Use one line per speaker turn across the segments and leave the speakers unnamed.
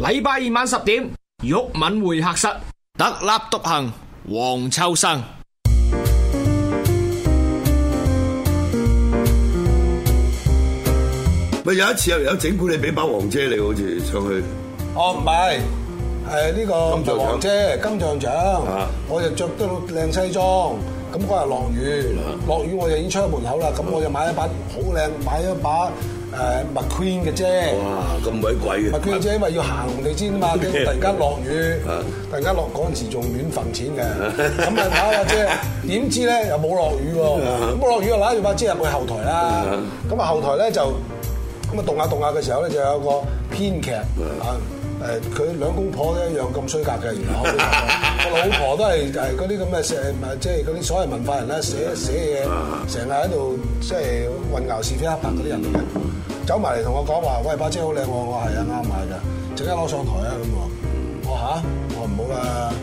禮拜二晚十點，玉敏會客室，特立獨行，黃
秋生。咪有一次又有整蠱你俾把黃遮你好似上去，哦。
唔係，係、呃、呢、這個大黃遮金像獎，啊、我就着得靚西裝，咁嗰日落雨，落、啊、雨我就已經出門口啦，咁我就買一把好靚，買一把。誒麥、uh, queen 嘅啫，哇咁鬼貴嘅！麥 queen 啫，因為要行地先嘛， 然突然間落雨， 突然間落嗰陣時仲亂揈錢嘅，咁咪打下啫。點知咧又冇落雨喎，咁冇落雨又攞住把遮入去後台啦。咁啊 後台咧就咁啊動下動下嘅時候咧就有個編劇啊。 誒佢兩公婆咧一樣咁衰格嘅，然後我老婆都係誒嗰啲咁嘅寫，即係啲所謂文化人咧寫寫嘢，成日喺度即係混淆是非黑白嗰啲人嚟嘅，走埋嚟同我講話，喂把遮好靚喎，我係啊啱買㗎，陣間攞上台啊咁喎，我嚇，我唔好喇，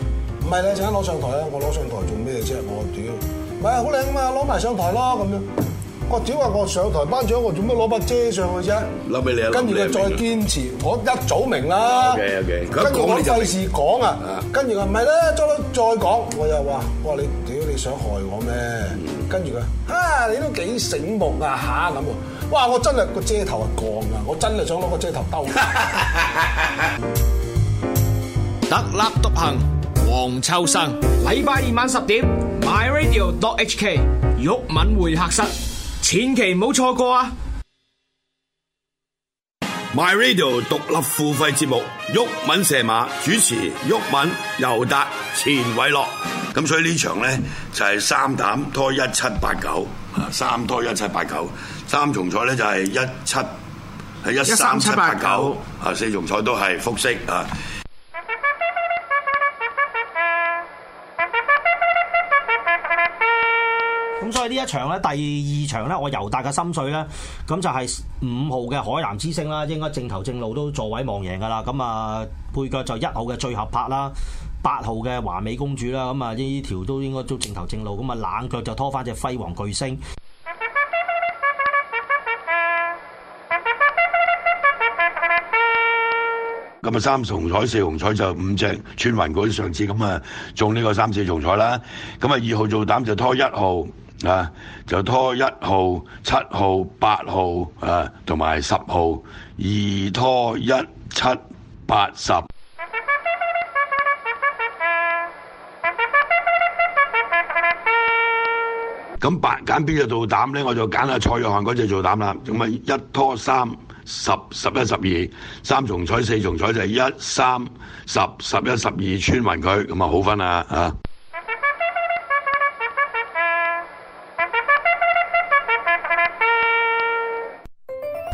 唔係咧，陣間攞上台啊，我攞上台做咩啫？我屌，唔係好靚嘛，攞埋上台咯咁樣。我屌！我上台頒獎，我做乜攞把遮上去啫？
留俾你，跟住佢再
堅持。我一早明啦。OK OK。跟住我啲費事講啊。跟住佢唔係啦，裝再講，我又話：哇你屌，你想害我咩？跟住佢，嚇、啊、你都幾醒目啊吓，咁喎！哇！我真係個遮頭啊降啊！我真係想攞個遮頭兜。特立獨行，黃秋生。禮拜二晚十點，myradio dot hk。玉敏會客室。千祈唔好錯過啊
！My Radio 獨立付費節目，毓民射馬主持，毓民、尤達、錢偉樂。咁所以場呢場咧就係、是、三膽拖一七八九啊，三拖一七八九，三重彩咧就係一七係一三七,七八九啊，四重彩都係複式。啊。
咁所以呢一場咧，第二場咧，我尤大嘅心水咧，咁、嗯、就係、是、五號嘅海南之星啦，應該正頭正路都座位望贏噶啦。咁、嗯、啊，配腳就一號嘅最合拍啦，八號嘅華美公主啦，咁啊呢條
都應該都正頭正路。咁、嗯、啊冷腳就拖翻隻輝煌巨星。
咁啊，三重彩、四重彩就五隻穿雲卷，上次咁啊、嗯、中呢個三四重彩啦。咁、嗯、啊二號做膽就拖一號。啊！Uh, 就拖一號、七號、八號啊，同埋十號，二、uh, 拖一、七、八、 十、嗯。咁八揀邊個做膽呢？我就揀阿蔡若翰嗰隻做膽啦。咁啊，一拖三、十、十一、十二，三重彩、四重彩就係一、三、十、十一、十二，穿勻佢，咁啊，好分啦啊！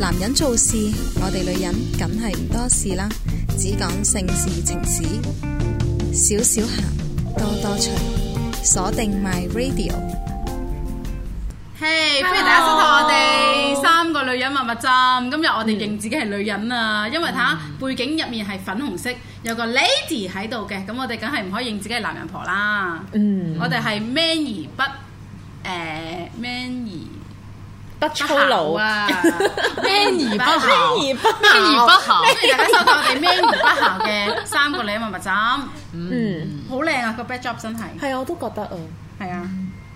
男人做事，我哋女人梗係唔多事啦，只講性事情事，少少鹹，多多趣。鎖定 my radio。嘿，
歡迎大家收睇我哋 Hello 三
個女人蜜蜜針。今日我哋認自己係女人啊，mm. 因為睇下背景入面係粉紅色，有個 lady 喺度嘅，咁我哋梗係唔可以認自己係男人婆啦。嗯、mm.，我哋係 man 而不誒 man 而。Y. 不粗魯啊，man 而不，man 而不
，man 而不，所以睇到我哋 man 而不嘅
三個你啊嘛咪浸，嗯，好靚啊，個 backdrop 真係，係啊我都覺得啊，係啊，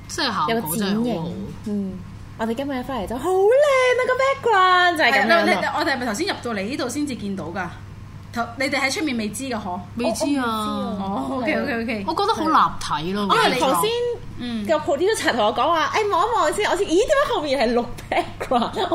真係好，有剪影，嗯，我哋今日翻嚟就好靚啊，個 background 就係咁樣咯，我哋係咪頭先入到嚟呢度先至見到噶？你哋喺出面未知㗎嗬，未知啊！
哦，OK OK OK，
我覺得好立體咯。
因為你頭先嗯
個蒲一仔同我講話，誒望一望先，我先，咦點解後面係綠 background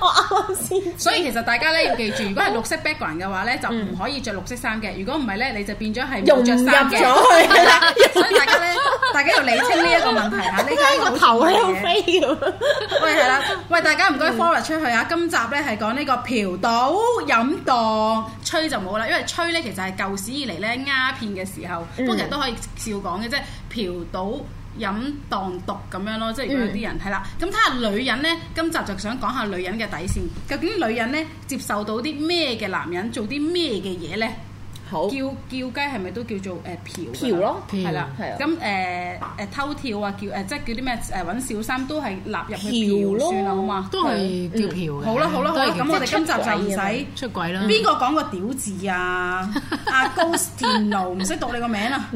我啱啱先。所以其實大家咧要記住，如果係綠色 background 嘅話咧，就唔可以着綠色衫嘅。如果唔係咧，你就變咗係融入咗去。所以大家咧，大家要理清呢一個問題嚇。呢個頭喺度飛咁。喂，係啦，喂大家唔該 follow 出去啊！今集咧係講呢個嫖賭飲蕩吹。就冇啦，因為吹咧其實係舊時以嚟咧，鴉片嘅時候，不過、嗯、其實都可以笑講嘅即係，嫖賭飲蕩毒咁樣咯，即係有啲人係啦。咁睇下女人咧，今集就想講下女人嘅底線，究竟女人咧接受到啲咩嘅男人做啲咩嘅嘢咧？叫叫雞係咪都叫做誒嫖？嫖咯，係啦。咁誒誒偷跳啊，叫誒即係叫啲咩誒揾小三都係納入去嫖算啦，好嘛？都係叫嫖嘅。好啦好啦好啦，咁我哋今集就唔使出軌啦。邊個講個屌字啊？阿 Ghostino 唔識讀你個名
啊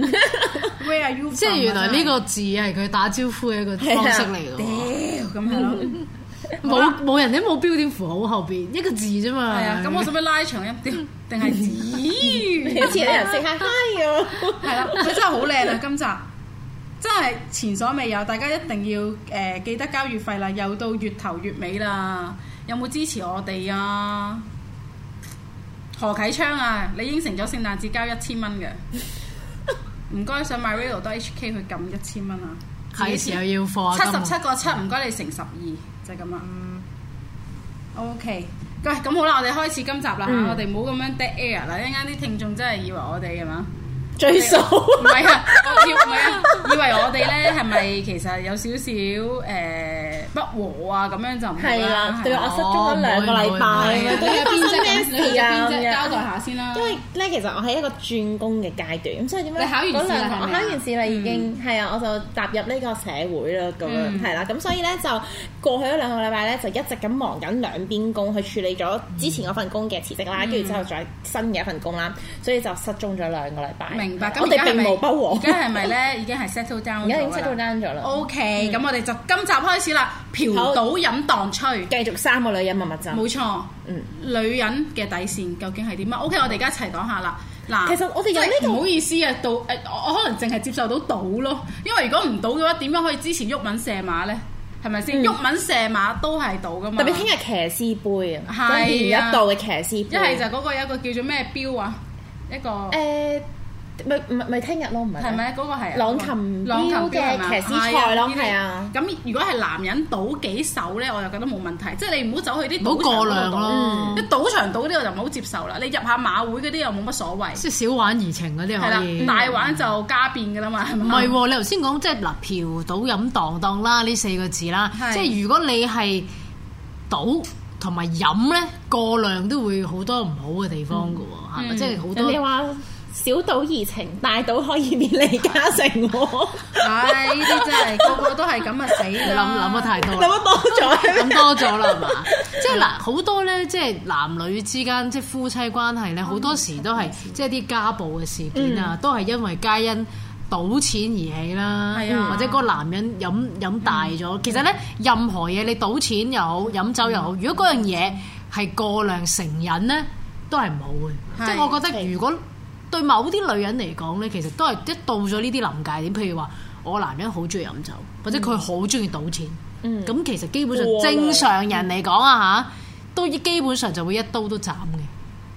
？Where
are you from？即係原來呢個
字係佢打招呼嘅一個方式嚟㗎嘛？
屌咁
樣，冇冇人咧冇標點符號後邊一個字啫嘛。係啊，咁我使唔
使拉長一啲？定係咦？以前你人食下嗨咁，係啦，佢真係好靚啊。今集真係前所未有，大家一定要誒記得交月費啦，又到月頭月尾啦，有冇支持我哋啊？何啟昌啊，你應承咗聖誕節交一千蚊嘅，唔該，想買 MyRadio HK 去撳一千蚊啊？
幾時又要放？七十七
個七，唔該你乘十二，就咁啦。嗯，OK。咁好啦，我哋開始今集啦吓，嗯、我哋唔好咁樣 dead air 啦，一陣間啲聽眾真係以為我哋係嘛。追數唔係啊，以為我哋咧係咪其實有少少誒不和啊？咁樣就唔係啦。對我失蹤咗兩個禮拜，
到底咩事嘅？交代下先啦。因為咧，其實我喺一個轉工嘅階段，咁所以點解考完嗰兩，我考完試啦，已經係啊，我就踏入呢個社會啦，咁樣係啦，咁所以咧就過去嗰兩個禮拜咧就一直咁忙緊兩邊工，去處理咗之前嗰份工嘅辭職啦，跟住之後再新嘅一份工啦，所以就失蹤咗兩個禮拜。明白，咁我哋並冇不和？而家係咪咧？已
經係 settle down 咗啦。而家 settle down 咗啦。OK，咁我哋就今集開始啦。嫖賭飲蕩吹，繼續三個女人蜜蜜針。冇錯，女人嘅底線究竟係點啊？OK，我哋而家一齊講下啦。嗱，其實我哋有呢個唔好意思啊，到誒，我可能淨係接受到賭咯，因為如果唔賭嘅話，點樣可以支持喐文射馬咧？係咪先？喐文射馬都係賭噶嘛。特別聽日
騎師杯啊，係一年一度嘅騎師杯。一係就
嗰個有一個叫做咩標啊，一個誒。咪咪咪，聽日咯，唔係。係咪嗰個係？朗琴朗琴嘅騎師賽咯，係啊。咁如果係男人賭幾手咧，我就覺得冇問題。即係你唔好走去啲。唔好過量咯。一賭場賭啲我就唔好接受啦。你入下馬會嗰啲又冇乜所謂。即係小玩怡情嗰啲係。係啦。大玩
就家變噶啦嘛。係咪？唔係喎，你頭先講即係，嗱，嫖賭飲蕩蕩啦呢四個字啦。即係如果你係賭同埋飲咧，過量都會好多唔好嘅地方噶喎。係咪即係好多？小賭怡情，
大賭可以滅李嘉誠。唉，呢啲真係個個都係咁啊！死諗諗得太多，諗得多咗，諗多咗啦，係嘛？
即係嗱，好多咧，即係男女之間，即係夫妻關係咧，好多時都係即係啲家暴嘅事件啊，都係因為皆因賭錢而起啦。係啊，或者嗰個男人飲飲大咗，其實咧任何嘢你賭錢又好，飲酒又好，如果嗰樣嘢係過量成癮咧，都係冇嘅。即係我覺得如果。對某啲女人嚟講呢，其實都係一到咗呢啲臨界點，譬如話我男人好中意飲酒，或者佢好中意賭錢，咁、嗯、其實基本上正常人嚟講啊吓，都、嗯、基本上就會一刀都斬嘅。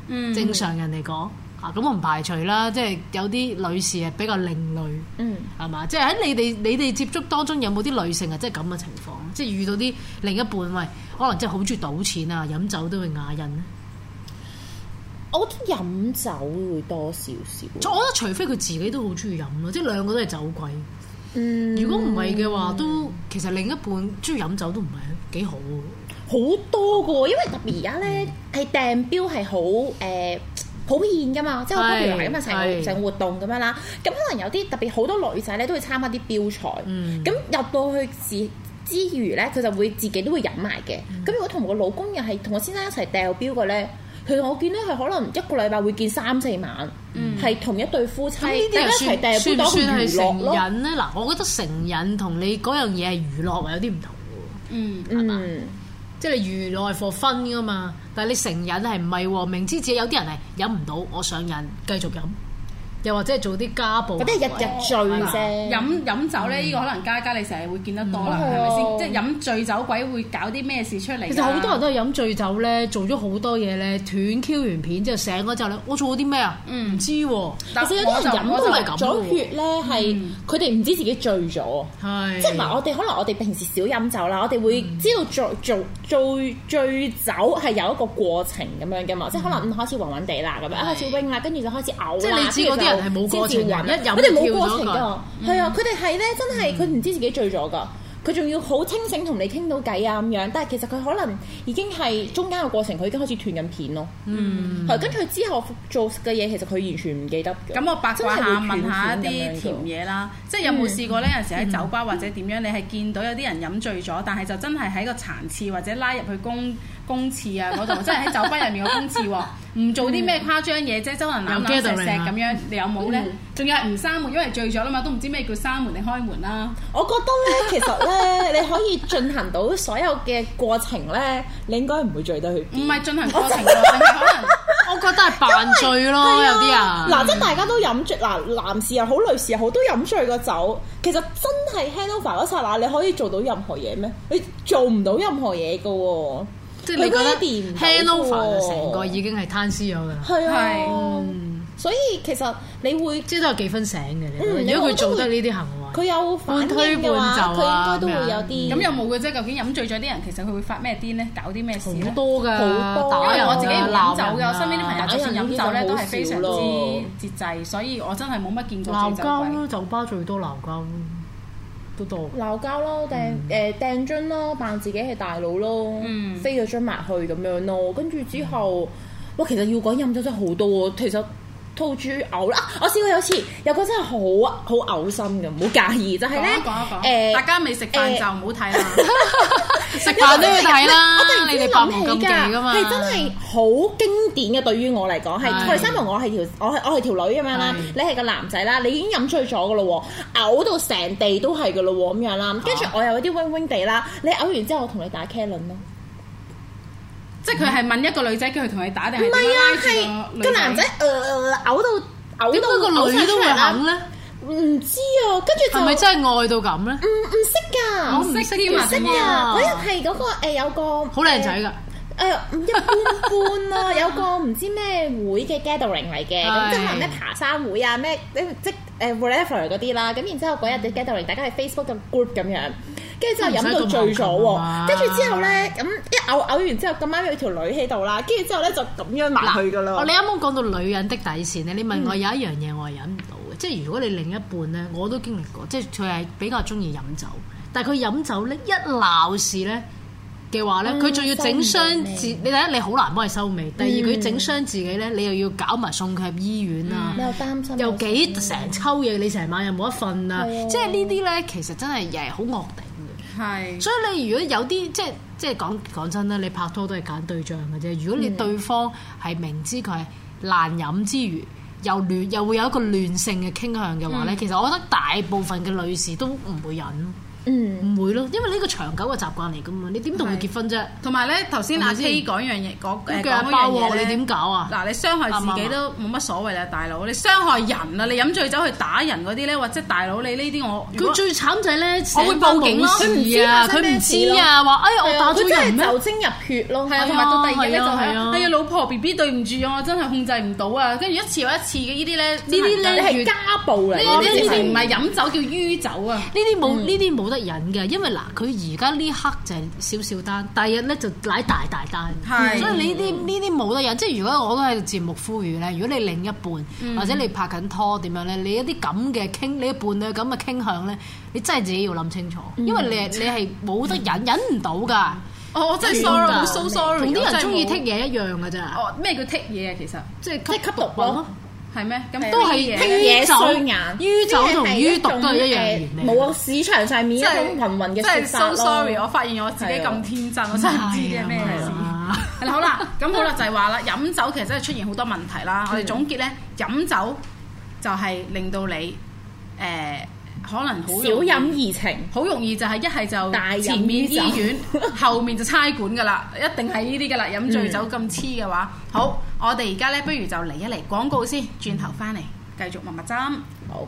嗯、正常人嚟講、嗯、啊，咁我唔排除啦，即、就、係、是、有啲女士係比較另類，係嘛、嗯？即係喺你哋你哋接觸當中有冇啲女性啊，即係咁嘅情況，即係遇到啲另一半喂，可能即係好中意賭錢啊、飲酒都會啞忍我覺得飲酒會多少少，我覺得除非佢自己都好中意飲咯，即係兩個都係酒鬼。
嗯，如果唔係嘅話，
都其實另一半中意飲酒都唔係幾好。
好多噶，因為特別而家咧，係掟標係好誒普遍噶嘛，即係好咁譬如係咁嘅成成活動咁樣啦。咁是 可能有啲特別好多女仔咧都會參加啲標賽，咁、嗯、入到去之之餘咧，佢就會自己都會飲埋嘅。咁、嗯、如果同我老公又係同我先生一齊掉標嘅咧？其實我見咧，係可能一個禮拜會見三四晚，係、嗯、同一對夫妻一齊訂杯多嘅成癮
咧。嗱，我覺得成癮同你嗰樣嘢係娛樂係有啲唔同嘅。嗯，係嘛？嗯、即係你娛樂係 for fun 噶嘛，但係你成癮係唔係？明知自己有啲人係飲唔到，我上癮繼續飲。又或者係做啲家暴嗰啲日日醉啫，飲飲酒咧，依個可能家家你成日會見得多啦，係咪先？即係飲
醉酒鬼會搞啲咩事出嚟？其實好多人都
係飲醉酒咧，做咗好多嘢咧，斷 Q 完片之後醒咗之後咧，我做咗啲咩啊？唔知喎。但係有啲人飲都係咁。攞血咧，係佢哋唔知自己醉咗，即係唔係我哋？可能我哋平時
少飲酒啦，我哋會知道醉醉醉醉酒係有一個過程咁樣嘅嘛。即係可能嗯，開始混混地啦，咁樣開始暈啦，跟住就開始嘔，即係你知啲係冇過程，佢哋冇過程㗎，係啊、嗯！佢哋係咧，真係佢唔知自己醉咗㗎，佢仲、嗯、要好清醒同你傾到偈啊咁樣。但係其實佢可能已經係中間嘅過程，佢已經開始斷緊片咯。嗯，係跟住之後做嘅嘢，其實佢完全唔記得。咁我八卦下問下一啲甜嘢
啦，即係有冇試過咧？有時喺酒吧或者點樣，你係見到有啲人飲醉咗，但係就真係喺個殘廁或者拉入去公。公廁啊，嗰度即係喺酒吧入面個公廁喎，唔做啲咩誇張嘢啫，周圍攬攬錫錫咁樣，你有冇咧？仲有唔閂門，因為醉咗啦嘛，都唔知咩叫閂門你開門啦。我覺得咧，其實咧，你
可以進行到所有嘅過程咧，你應該唔會醉得去邊。唔係進行過程，可能我覺得係扮醉咯，有啲人嗱，即係大家都飲醉嗱，男士又好，女士又好，都飲醉個酒，其實真係 handle 翻嗰剎那，你可以做到任何嘢咩？你做唔到任何嘢噶喎。即係你覺得 hangover 成
個已經係攤屍咗㗎，係啊，所以其實你會即係都有幾分醒嘅啫。如果佢做得呢啲行為，佢有反推嘅話，佢應該都會有啲。咁
又冇嘅啫？究竟飲醉咗啲人，其實佢會發咩癲咧？搞啲咩事咧？好多㗎，好多。因為我自己唔飲酒㗎，身邊啲朋友就算飲酒咧，都係非常之節制，所以我真係冇乜
見過鬧酒鬼。鬧交咯，酒吧最多鬧交。
鬧交咯，掟誒
掟樽咯，扮自己係大佬咯，嗯、飛咗樽埋去咁樣咯，跟住之後，哇、嗯，其實要講飲酒真係好多喎。其實兔豬嘔啦、呃，我試過有次，有個真係好好嘔心嘅，唔好介意。就係、是、咧，誒、啊
啊，呃、大家未食飯就唔好睇啦。呃呃
食飯都要睇啦，我突然之間諗起㗎，係真係好經典嘅。對於我嚟講，係佢哋三同我係條，我係我係條女咁樣啦。的你係個男仔啦，你已經飲醉咗嘅咯喎，嘔到成地都係嘅咯喎，咁樣啦。跟住我又有啲暈暈地啦。你嘔完之後，我同你打 Kerlun 咯。啊、 即係佢係問一個女仔叫佢
同你打定
係啊，拉住個男仔？呃、
嘔到
嘔到個女都會嘔咧。呃唔知啊，跟住就係咪真係愛到咁咧？唔唔識噶，我唔識英文啊！嗰日係
嗰個誒有個好靚仔噶誒，唔一般般啦。有個唔知咩會嘅 gathering 嚟嘅，咁即係咩爬山會啊咩，即誒 whatever 嗰啲啦。咁然之後嗰日啲 gathering，大家喺 Facebook 嘅 group 咁樣，跟住之後飲到醉咗喎。跟住之後咧，咁一嘔嘔完之後，今晚有條女喺度啦。跟住之後咧，
就咁樣埋去㗎啦。哦，你啱啱講到女人的底線咧，你問我有一樣嘢，我係忍唔到。即係如果你另一半咧，我都經歷過，即係佢係比較中意飲酒，但係佢飲酒咧一鬧事咧嘅話咧，佢仲、嗯、要整傷自你第一，你睇下你好難幫佢收尾。第二佢、嗯、整傷自己咧，你又要搞埋送佢入醫院啊。又擔心幾成抽嘢，你成幾、嗯、晚又冇得瞓啊！嗯、即係呢啲咧，其實真係又好惡頂嘅。係是。所以你如果有啲即係即係講講真啦，你拍拖都係揀對象嘅啫。如果你對方係明知佢係爛飲之餘，又亂又會有一個亂性嘅傾向嘅話呢、嗯、其實我覺得大部分嘅女士都唔會忍。唔會咯，因為呢個長久嘅習慣嚟噶嘛，你點同佢結婚啫？同埋咧，頭先阿 K 講一
樣嘢，講誒腳爆鑊你點搞啊？嗱，你傷害自己都冇乜所謂啊。大佬，你傷害人啊！你飲醉酒去打人嗰啲咧，或者大佬你呢啲我佢最
慘就係咧，我會報警咯，唔知啊，
佢唔知啊，話哎呀我打到要死真係酒精入血咯，係啊，同埋到第二咧就係哎啊，老婆 B B 對唔住我，真係控制唔到啊！跟住一次又一次嘅呢啲咧，呢啲咧係家暴嚟，呢啲呢唔係飲
酒叫酗酒啊，呢啲冇呢啲冇得。忍嘅，因為嗱，佢而家呢刻就係少少單，第二日咧就捱大，大大單，的所以呢啲呢啲冇得忍。即係如果我都喺節目呼籲咧，如果你另一半、嗯、哼或者你拍緊拖點樣咧，你一啲咁嘅傾，你一伴侶咁嘅傾向咧，你真係自己要諗清楚，因為你你係冇得忍，嗯、忍唔到㗎。哦、真我真係 sorry，sorry！同啲人中意 take 嘢一樣㗎啫。
哦，咩叫 take 嘢啊？其實即係吸毒。係咩？咁都係傾嘢衰眼，於酒同於毒都一樣。
冇啊，市場上面一種混混嘅食法咯。真係，so sorry，我
發現我自己咁天真，我真係唔知啲咩事。係啦，好啦，咁好啦，就係話啦，飲酒其實真係出現好多問題啦。我哋總結咧，飲酒就係令到你誒。可能好少飲怡情，好容易就係一係就前面醫院，後面就差館噶啦， 一定係呢啲噶啦。飲 醉酒咁黐嘅話，嗯、好，我哋而家呢，不如就嚟一嚟廣告先，轉頭翻嚟繼續蜜蜜針。
好。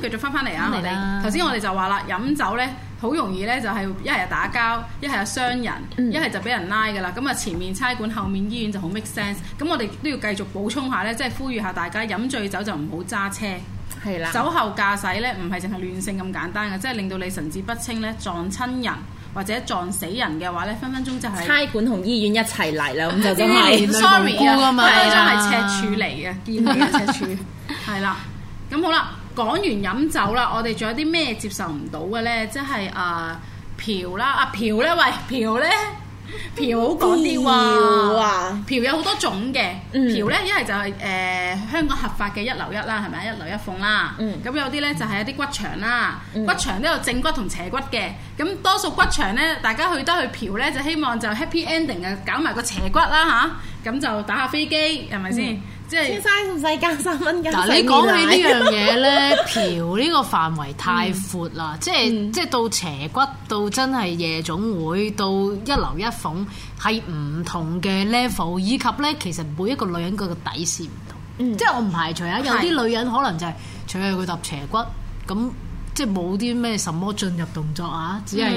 繼續翻翻嚟啊！頭先我哋就話啦，飲酒呢好容易呢，就係一係打交，一係有傷人，一係就俾人拉嘅啦。咁啊，前面差館，後面醫院就好 make sense。咁我哋都要繼續補充下呢，即係呼籲下大家飲醉酒就唔好揸車。係啦，酒後駕駛呢唔係淨係亂性咁簡單嘅，即係令到你神志不清呢撞親人或者撞死人嘅話呢，分分鐘就係差
館同醫院
一齊嚟啦。咁就係 sorry，係赤柱嚟嘅，見赤柱？係啦，咁好啦。講完飲酒啦，我哋仲有啲咩接受唔到嘅呢？即係啊、呃，嫖啦，啊嫖呢？喂，嫖呢？嫖好講啲喎，嗯、嫖有好多種嘅，嫖呢一係就係、是、誒、呃、香港合法嘅一樓一啦，係咪一樓一鳳啦，咁、嗯、有啲呢就係、是、一啲骨場啦，嗯、骨場都有正骨同邪骨嘅，咁多數骨場呢，大家去得去嫖呢，就希望就 Happy Ending 啊，搞埋個邪骨啦吓。咁、啊、就打下飛機係咪先？是即係，先生唔使加三蚊。嗱，你講起呢樣嘢咧，
嫖呢個範圍太闊啦。即係即係到邪骨，到真係夜總會，到一樓一鳳，係唔同嘅 level，以及咧，其實每一個女人個底線唔同。嗯、即係我唔排除啊，有啲女人可能就係、是，是除咗佢搭邪骨，咁。即係冇啲咩什麼進入動作啊，只係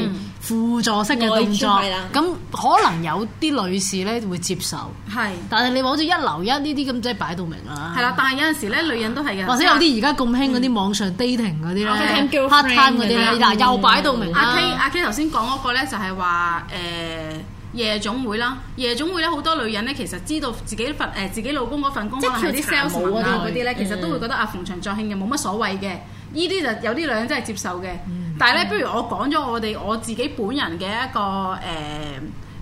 輔助式嘅動作。咁、嗯、可能有啲女士咧會接受。係是，但係你話好似一流一呢啲咁，即係擺到明啦。係啦，
但係有陣時咧，女人都係嘅。或者有啲而家
咁興嗰啲網上 dating 嗰啲咧 part time 嗰啲咧，又擺到明、嗯嗯、阿 K，
阿 K 頭先講嗰個咧就係話誒夜總會啦，夜總會咧好多女人咧其實知道自己份誒、呃、自己老公嗰份工即係啲 sales 啲嗰啲咧，其實都會覺得阿逢場作興嘅冇乜所謂嘅。呢啲就有啲女人真係接受嘅，嗯、但係咧，嗯、不如我講咗我哋我自己本人嘅一個誒誒、呃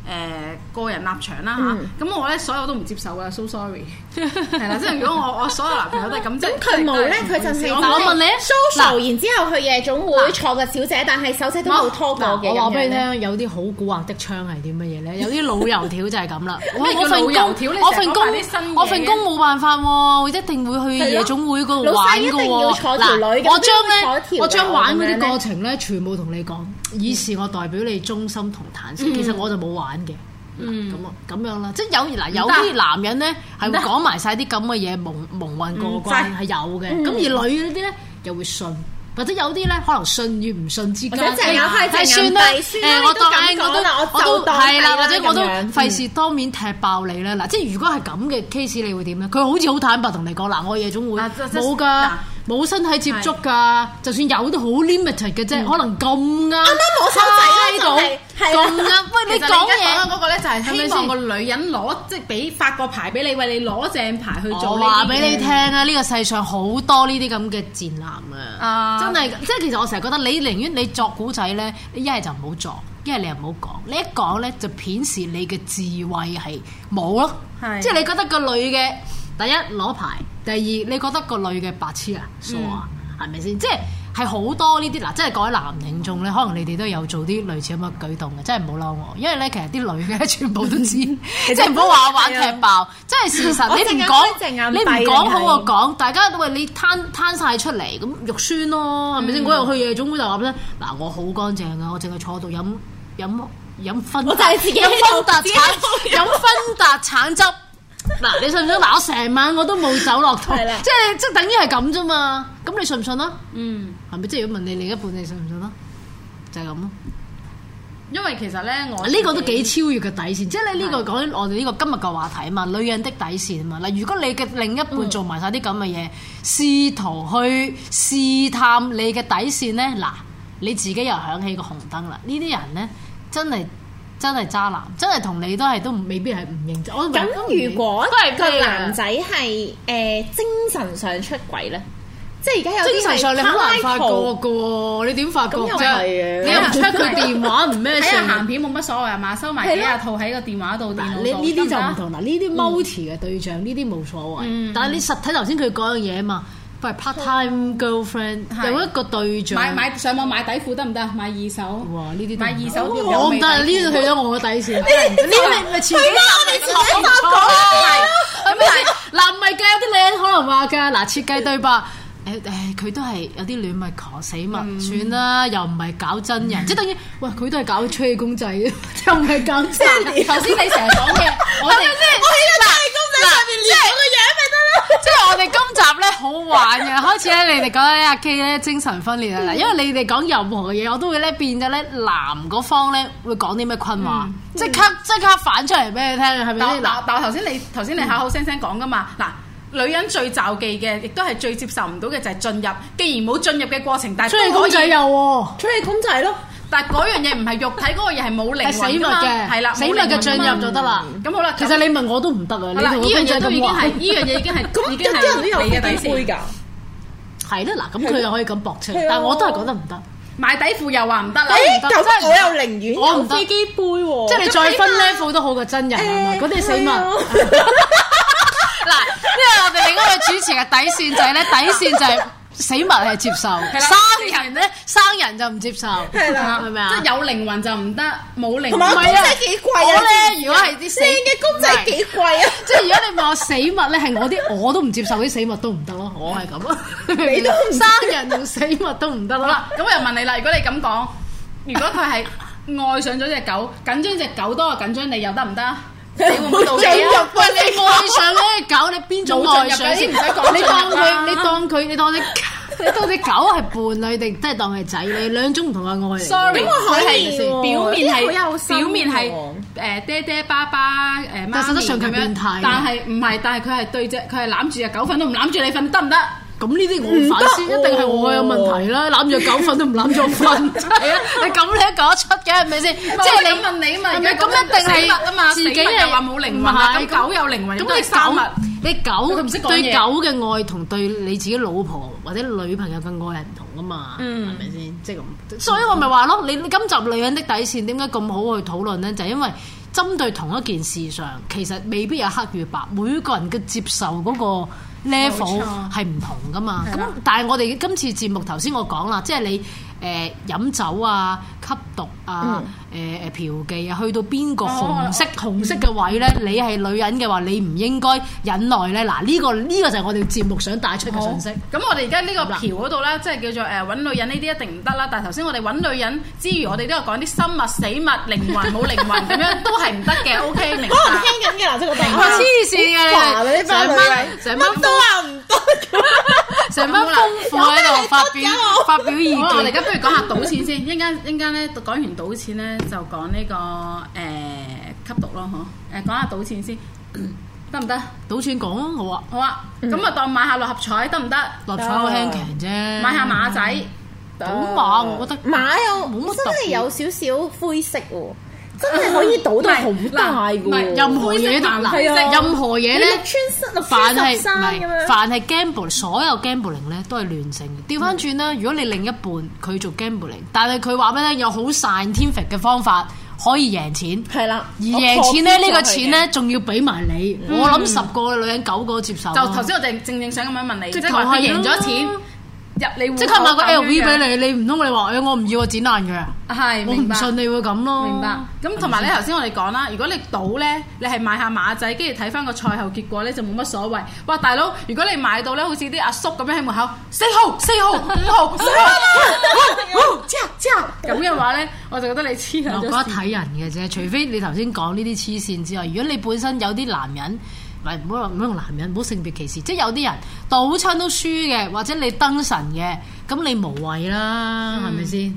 呃、個人立場啦吓，咁、嗯啊、我咧所有都唔接受嘅，so sorry。係啦，即係如果我我所有男朋友都係咁啫。咁佢冇咧，佢就成我
問你 social 然之
後去夜總會坐個小姐，但係小姐都冇拖過嘅。我話俾你聽，有啲好蠱惑的槍係啲乜嘢咧？有啲老油條就係咁啦。咩叫老油條？你整埋啲新嘅。我份工冇辦法，我一定會去夜總會嗰度玩噶。一定要坐條女嘅，我將咧，我將玩嗰啲過程咧，全部同你講。以示我代表你忠心同坦誠，其實我就冇玩嘅。嗯，咁啊，咁樣啦，即係有嗱，有啲男人咧係會講埋晒啲咁嘅嘢，蒙矇混過關係有嘅，咁而女嗰啲咧又會信，或者有啲咧可能信與唔信之間，或算啦，我都咁講啦，我就當係啦，咁或者我都費事當面踢爆你啦，嗱，即係如果係咁嘅 case，你會點咧？佢好似好坦白同你講，嗱，我夜總會冇㗎。冇身體接觸噶，就算有都好 limited 嘅啫，可能咁啱啱冇手仔喺度，咁唔啱。喂，你講嘢嗰個咧就係咪望個女人攞即係俾發個牌俾你，喂，你攞正牌去做呢，我話俾你聽啊，呢個世上好多呢啲咁嘅賤男啊，真係。即係其實我成日覺得你寧願你作古仔咧，一係就唔好作，一係你又唔好講。你一講咧就顯示你嘅智慧係冇咯，即係你覺得個女嘅第一攞牌。第二，你覺得個女嘅白痴啊，傻啊，係咪先？即係係好多呢啲嗱，即係各位男聽眾咧，可能你哋都有做啲類似咁嘅舉動，真係唔好嬲我，因為咧其實啲女嘅全部都知，即係唔好話玩踢爆，即係事實。你唔講，你唔講好我講，大家都餵你攤攤曬出嚟，咁肉酸咯，係咪先？嗰日去夜總會就話咧，嗱，我好乾淨噶，我淨係坐度飲飲飲芬達，飲芬達橙，飲芬達橙汁。嗱，你信唔信？嗱， 我成晚我都冇走落台， 的即係即係等於係咁啫嘛。咁你信唔信咯、啊？嗯，係咪即係如果問你另一半，你信唔信咯、啊？就係咁咯。
因為其實咧，我呢、啊這個都幾
超越嘅底線。即係咧、這個，呢個講緊我哋呢個今日嘅話題啊嘛，女人的底線啊嘛。嗱，如果你嘅另一半做埋晒啲咁嘅嘢，試、嗯、圖去試探你嘅底線咧，嗱，你自己又響起個紅燈啦。呢啲人咧，真係。真係渣男，真係同你都係都未必係唔認真。我咁如果
個男仔係誒精神上出軌咧，即係而家有啲精神上你好難發覺
嘅喎，你點發覺啫？你又唔 check 佢電話唔咩事？睇鹹片冇乜所謂啊嘛，收埋幾廿套喺個電話度、
電呢啲就唔同
啦，呢啲 multi 嘅對象，呢啲冇所謂。但係你實體頭先佢講嘅嘢啊嘛。唔係 part time girlfriend，有一個對象。買買
上網買底褲得唔得啊？買二手。哇！呢啲。買二手都好。唔得，呢度去咗我
嘅底線。呢啲咪設計？係咩？嗱，唔係計，有啲女可能話嘅。嗱，設計對吧？誒，佢都係有啲亂，咪狂死咪，算啦，又唔係搞真人，即係等於，喂，佢都係搞吹公仔又唔係搞真人。頭先你成日講嘅，我諗先，我喺個吹公仔上面練我嘅樣咪得咯。即係我哋今集咧好玩嘅，開始咧你哋講阿 K 咧精神分裂啦，因為你哋講任何嘅嘢，我都會咧變咗咧男嗰方咧會講啲咩困話，即刻即刻反出嚟俾你聽，係咪先？但但頭先你頭
先你口口聲聲講噶嘛，嗱。女人最詐忌嘅，亦都係最接受唔到嘅就係進入。既然冇進入嘅過程，但係當然講自由喎，出嚟公仔咯。但係嗰樣嘢唔係肉體嗰個，又係冇靈魂嘅，係啦，死物嘅進入就得啦。咁好啦，其實你問
我都唔得啊。呢呢樣嘢都已經係，呢樣嘢已經係已經係底褲嘅底褲㗎。係啦，嗱，咁佢又可以咁博出嚟，但係我都係覺得唔
得。買底褲又話唔得啦。誒，頭先我又
寧願做飛機杯喎，即係你再分 level 都好過真人啊嘛。嗰啲死物。嗱，因為我哋另外主持嘅底線就係咧，底線就係死物係接受，生人咧生人就唔接受，係咪啊？即係有靈魂就唔
得，冇靈魂。即係幾貴啊！我咧如果
係啲生嘅公仔幾貴啊！即係如果你問我死物咧係我啲我都唔接受啲死物都唔得咯，我係咁啊！你都唔生人同死物都唔得啦。咁我又問你啦，如果你咁講，如果佢係
愛上咗隻狗，緊張隻狗多過緊張你，又得唔得啊？你唔好進入喂，你愛上呢隻
狗，你邊種愛上先唔使講咁難啊？你當佢，你當佢，你當隻，你當隻狗係伴侶定真係當係仔女？兩種唔同嘅愛。Sorry，表面表面係誒爹爹爸爸
誒，但實質上佢有冇問題？但係唔係，但係佢係對隻，佢係攬住隻狗瞓都唔攬住你瞓得唔得？咁呢啲我唔反思，一定係我有問題啦！攬住狗瞓都唔攬住我瞓，係啊！係
咁你都講得出嘅，係咪先？即係你問你問嘅咁一定係死物啊嘛！自己又話冇靈魂，咁狗有靈魂，咁你狗你狗對狗嘅愛同對你自己老婆或者女朋友嘅愛係唔同噶嘛？係咪先？即係咁，所以我咪話咯，你你今集女人的底線點解咁好去討論咧？就係因為針對同一件事上，其實未必有黑與白，每個人嘅接受嗰個。level 係唔錯同噶嘛？咁了但係我哋今次節目，頭先我講啦，即係你誒、呃、飲酒啊、吸毒啊。嗯誒誒嫖妓啊，去到邊個紅色紅色嘅位咧？你係女人嘅話，你唔應該忍耐咧。嗱，呢個呢個就係我哋節目想帶出嘅信息。咁我哋而家呢個嫖嗰
度咧，即係叫做誒揾女人呢啲一定唔得啦。但係頭先我哋揾女人之餘，我哋都有講啲生物、死物、靈魂冇靈魂咁樣，都係唔得嘅。O K，明白。我聽緊嘅藍色個朋友。我黐線嘅。成班
成班都話唔得。成班功夫喺度發表發表意見。我哋而家不如講下賭錢
先。一陣間一陣間咧講完賭錢咧。就講呢、呢個誒、欸、吸毒咯，嗬誒講下賭錢先得唔得？ 行行賭錢講啊，好啊，好啊，咁啊、嗯、當買下六合彩得唔得？六合彩好輕騎啫，嗯、買下馬仔，賭、嗯、馬行行我覺得馬有真係有
少少灰色喎。嗯
真係可以賭到好大㗎。任何嘢都難，任何嘢咧，凡係，唔係，凡係 gamble，所有 gambling 咧都係亂性嘅。調翻轉啦，如果你另一半佢做 gambling，但係佢話俾咧，有好 scientific 嘅方法可以贏錢。係啦，而贏錢咧，呢個錢咧仲要俾埋你。我諗十個女人九個接受。就頭先我
哋正正想咁樣問你，即係話佢贏咗錢。即刻買個 LV 俾你，
你唔通你話誒我唔要我剪爛佢啊？係，我唔信你會咁咯。
明白。咁同埋咧，頭先我哋講啦，如果你賭咧，你係買下馬仔，跟住睇返個賽後結果咧，就冇乜所謂。哇，大佬，如果你買到咧，好似啲阿叔咁樣喺門口，四號、四號、五
號、五號，jump jump，咁嘅話咧，我就覺得你黐人。我覺得睇人嘅啫，除非你頭先講呢啲黐線之外，如果你本身有啲男人。唔係唔好唔好用男人，唔好性別歧視。即係有啲人賭親都輸嘅，或者你登神嘅，咁你無謂啦，係咪先？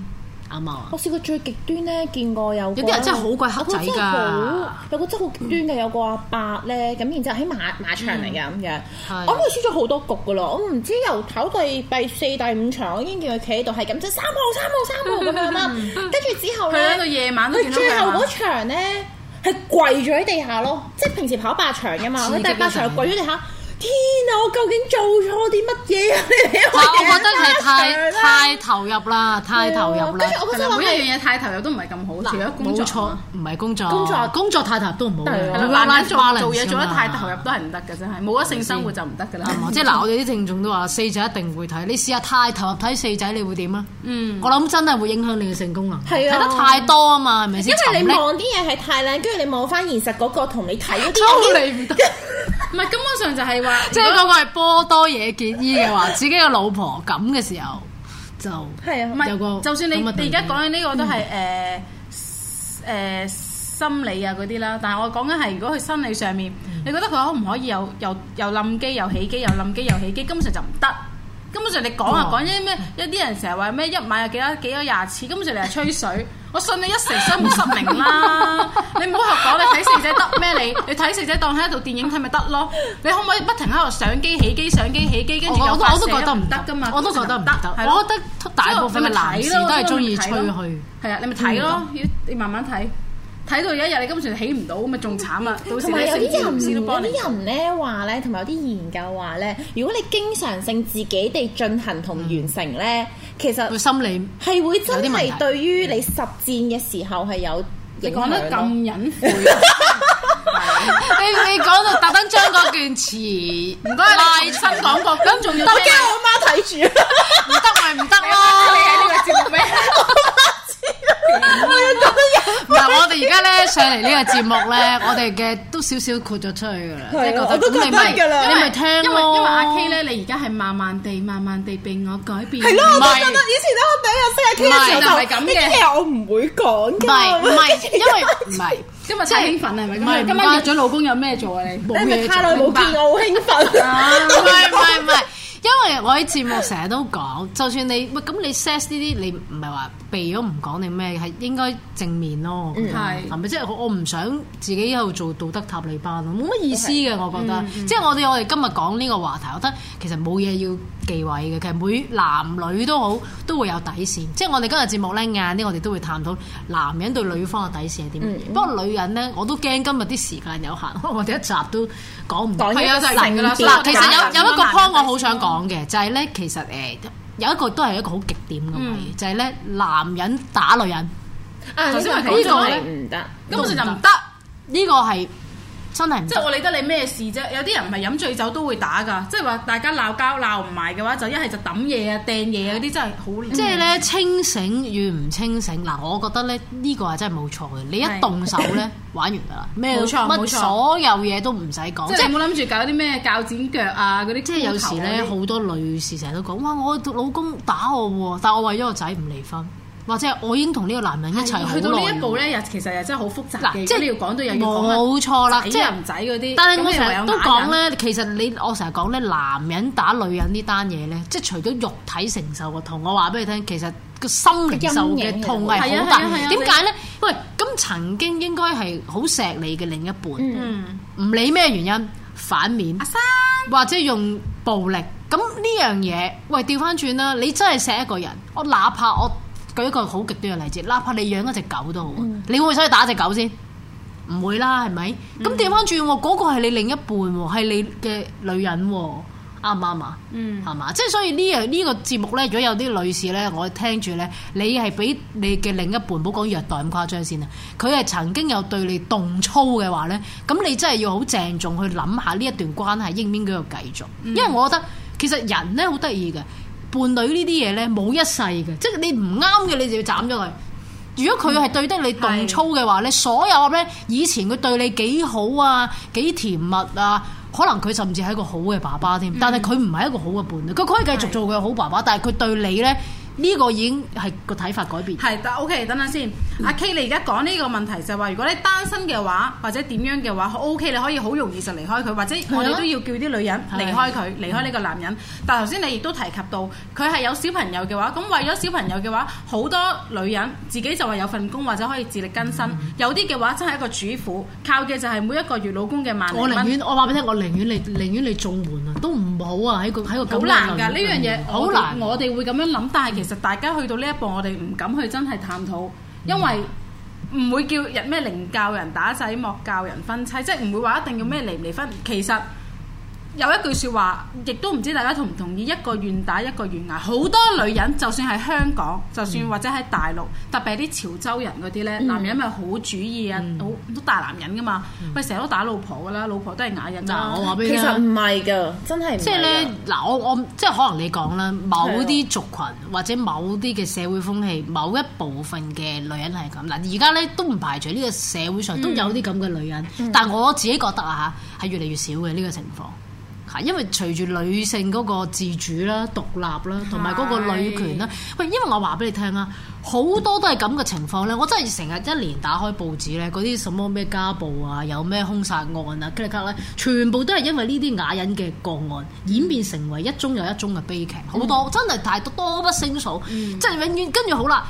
啱啊！我試過最極端咧，見過
有有啲人真係好鬼黑仔㗎，有個真係好極端嘅，有個阿伯咧，咁然之後喺馬馬場嚟嘅咁樣，我幫佢輸咗好多局㗎咯。我唔知由頭第第四第五場，我已經叫佢企喺度係咁，即三號三號三號咁樣啦。跟住之後咧，佢夜晚都見到佢，最後嗰場咧。係跪咗喺地下咯，即平時跑八場嘅嘛，佢第八場跪咗喺地下。天啊！我究竟做錯啲乜嘢啊？你我覺得係太
太投入啦，太
投入啦。跟住我真係話，每一樣嘢太
投入都唔係咁好，除咗工
作冇錯，唔係工作。工作工作太投入都唔好。難做，做嘢做得太投
入都係唔得嘅，真係冇咗性生活就
唔得㗎啦。即係嗱，我哋啲聽眾都話四仔一定會睇，你試下太投入睇四仔，你會點啊？我諗真係會影響你嘅性功能啊，睇得太多啊嘛，係咪先？因為你望啲嘢係太靚，跟住你望翻現實嗰個同你睇啲，抽離唔得。唔係
根本上就係話，
即係嗰個係
波多野結衣嘅話， 自己嘅老婆咁嘅時候就係啊，唔係，就算你你而家
講緊呢個都係誒誒心理啊嗰啲啦，但係我講緊係如果佢心理上面，嗯、你覺得佢可唔可以又又又冧機又起機又冧機又起機，機，機，機？根本上就唔得。根本上你講啊講啲咩、哦哦？一啲人成日話咩一晚有幾多幾多廿次，根本上你係吹水。 我信你一成失明啦， 你唔好喺度講，你睇四仔得咩？你你睇四仔當係一套電影睇咪得咯？你可唔可以不停喺度上機起機上機起機？跟住有都我都覺得唔得㗎嘛。我都覺得唔得。咯我覺得大部分咪男人都係中意吹去。係啊，你咪睇咯，你慢慢睇。嗯嗯睇到，一到有一日你根本上起唔到，咁咪仲慘啦！同埋有啲人，唔知，有啲人
咧話咧，同埋有啲研究話咧，如果你經常性自己地進行同完成咧，其實會心理係會真係對於你實戰嘅時候係有。
你講得咁隱晦，你你講到特登將嗰件詞唔該拉新講過，咁仲要我驚我媽睇住，唔得咪唔得咯！你睇呢個節目咩？我要講嘢。嗱，我哋而家咧上嚟呢個節目咧，我哋嘅都少少豁咗出去噶啦，即係覺得咁你咪，你咪聽咯。因為阿 K
咧，你而家係慢慢地、慢慢地被我改變。係咯，我都覺得以前都唔係有識阿 K 嘅，就係咁嘅。我
唔會講嘅，唔係，因為
唔係，因為太興奮係咪？唔係，唔係，約咗老公有咩做啊？你冇嘢做，冇見
我好興奮啊！唔係，唔係，唔
係。因為我喺節目成日都講， 就算你，喂咁你 sex 呢啲，你唔係話避咗唔講定咩，係應該正面咯。係咪、嗯、是即係我唔想自己一路做道德塔利班咯，冇乜意思嘅 Okay. 我覺得。嗯、即係我哋、嗯、我哋今日講呢個話題，我覺得其實冇嘢要。忌位嘅，其實每男女都好都會有底線，即係我哋今日節目咧晏啲，我哋都會探討男人對女方嘅底線係點樣嘢。嗯、不過女人咧，我都驚今日啲時間有限，我哋一集都講唔講唔成㗎啦。嗱、就係，其實有有一個 point 我好想講嘅，就係咧，其實誒有一個都係一個好極點嘅嘢，嗯、就係咧男人打女人啊！頭先話呢個咧，唔
得，根本就唔
得，呢個係。真係唔，即係我理得你咩事啫？
有啲人唔係飲醉酒都會打㗎，即係話大家鬧交鬧唔埋嘅話，就一係就揼嘢啊、掟嘢啊嗰啲，真係好。嗯、即係咧
清醒與唔清醒，嗱，我覺得咧呢個係真係冇錯嘅。你一動手咧，是玩完㗎啦。咩？ 冇錯，冇錯。乜所有嘢都唔使講。即係冇諗住搞啲咩鉸剪腳啊嗰啲。即係有時咧，好多女士成日都講：哇！我老公打我喎，但係我為咗個仔唔離婚。或者我已經同呢個男人一齊、啊、去到呢一步咧，其實又真係好複雜，即係你要講到有冇
錯啦，即係人仔嗰啲。但係我成日都講
咧，人其實你我成日講咧，男人打女人呢單嘢咧，即係除咗肉體承受個痛，我話俾你聽，其實個心靈受嘅痛係好大。點解咧？喂、啊，咁、啊啊、你 曾經應該係好錫你嘅另一半，唔理咩原因反面，啊、或者用暴力。咁呢樣嘢，喂，調翻轉啦！你真係錫一個人，我哪怕我。我舉一個好極端嘅例子，哪怕你養一隻狗都好，你會唔會想去打隻狗先？唔會啦，係咪？咁調翻轉，嗰個係你另一半，係你嘅女人，啱唔啱啊？嗯，係嘛？即係所以呢？呢個節目咧，如果有啲女士咧，我聽住咧，你係俾你嘅另一半，唔好講虐待咁誇張先啊。佢係曾經有對你動粗嘅話咧，咁你真係要好鄭重去諗下呢一段關係應唔應該要繼續？因為我覺得其實人咧好得意嘅。伴侶呢啲嘢呢，冇一世嘅，即係你唔啱嘅，你就要斬咗佢。
如果佢係對得你動粗
嘅話呢，是的 所有呢，以前佢對你幾好啊，幾甜蜜啊，可能佢甚至係一個好嘅爸爸添，嗯、但係佢唔係一個好嘅伴侶，佢可以繼續做佢好爸爸，是的 但係佢對你呢。呢個已經係個睇法改變。係，但係 OK，等等先。阿 K，你而家講呢
個問題就係話，如果你單身嘅話，或者點樣嘅話，OK，你可以好容易就離開佢，或者我哋都要叫啲女人離開佢，離開呢個男人。但係頭先你亦都提及到，佢係有小朋友嘅話，咁為咗小朋友嘅話，好多女人自己就話有份工或者可以自力更生。有啲嘅話真係一個主婦，靠嘅就係每一個月老公嘅萬零蚊。我寧願
我話俾你聽，我寧願你寧願你做門啊，都唔好啊，喺個喺個。好難㗎，呢樣嘢好難。我
哋會咁樣諗，但係。其實大家去到呢一步，我哋唔敢去真係探討，因為唔會叫人咩，寧教人打仔，莫教人分妻，即係唔會話一定要咩離唔離婚。其實。有一句説話，亦都唔知大家同唔同意，一個願打一個願挨。好多女人，就算係香港，就算或者喺大陸，特別係啲潮州人嗰啲咧，嗯、男人咪好主意啊，好多、嗯、大男人噶嘛，咪成日都打老婆噶啦，老婆都係捱人咋。我話
俾你聽，其實唔係㗎，真係唔係。即係咧，嗱我我即係可能你講啦，某啲族群或者某啲嘅社會風氣，某一部分嘅女人係咁。嗱而家咧都唔排除呢個社會上都有啲咁嘅女人，嗯嗯、但我自己覺得啊吓，係越嚟越少嘅呢、呢個情況。因為隨住女性嗰個自主啦、獨立啦，同埋嗰個女權啦，喂，是的 因為我話俾你聽啊，好多都係咁嘅情況咧。我真係成日一連打開報紙咧，嗰啲什麼咩家暴啊，有咩兇殺案啊，吉咧，全部都係因為呢啲啞忍嘅個案，演變成為一宗又一宗嘅悲劇，好、嗯、多真係太多不勝數，即係、嗯、永遠跟住好啦。